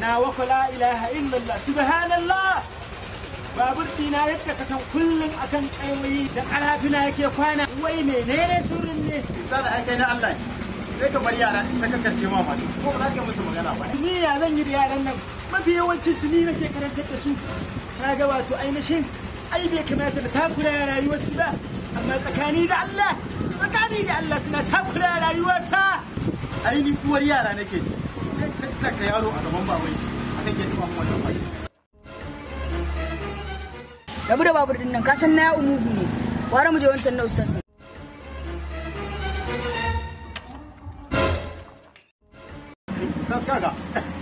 na wako la ilaha illallah subhanallah babur na yadda ka san kullum akan kaiwayi da karafina yake kwana wai menene surin ne misali ai kai na Allah sai ka bar yara su ta kakkace ma masu ko ba za ka musu magana ba ni ya zan yi da yaran nan mafi yawanci su ni nake karantar da su kaga wato ainihin ai bai kamata da takura rayuwar su ba amma tsakani da Allah tsakani da Allah suna takura rayuwar ta ai uwar yara nake ji tattaka yaro a gaban babai akan ya tuba wannan bai rabu da babur din nan ka san na ya umugu ne ware mu je wancan na ustaz ustaz kaga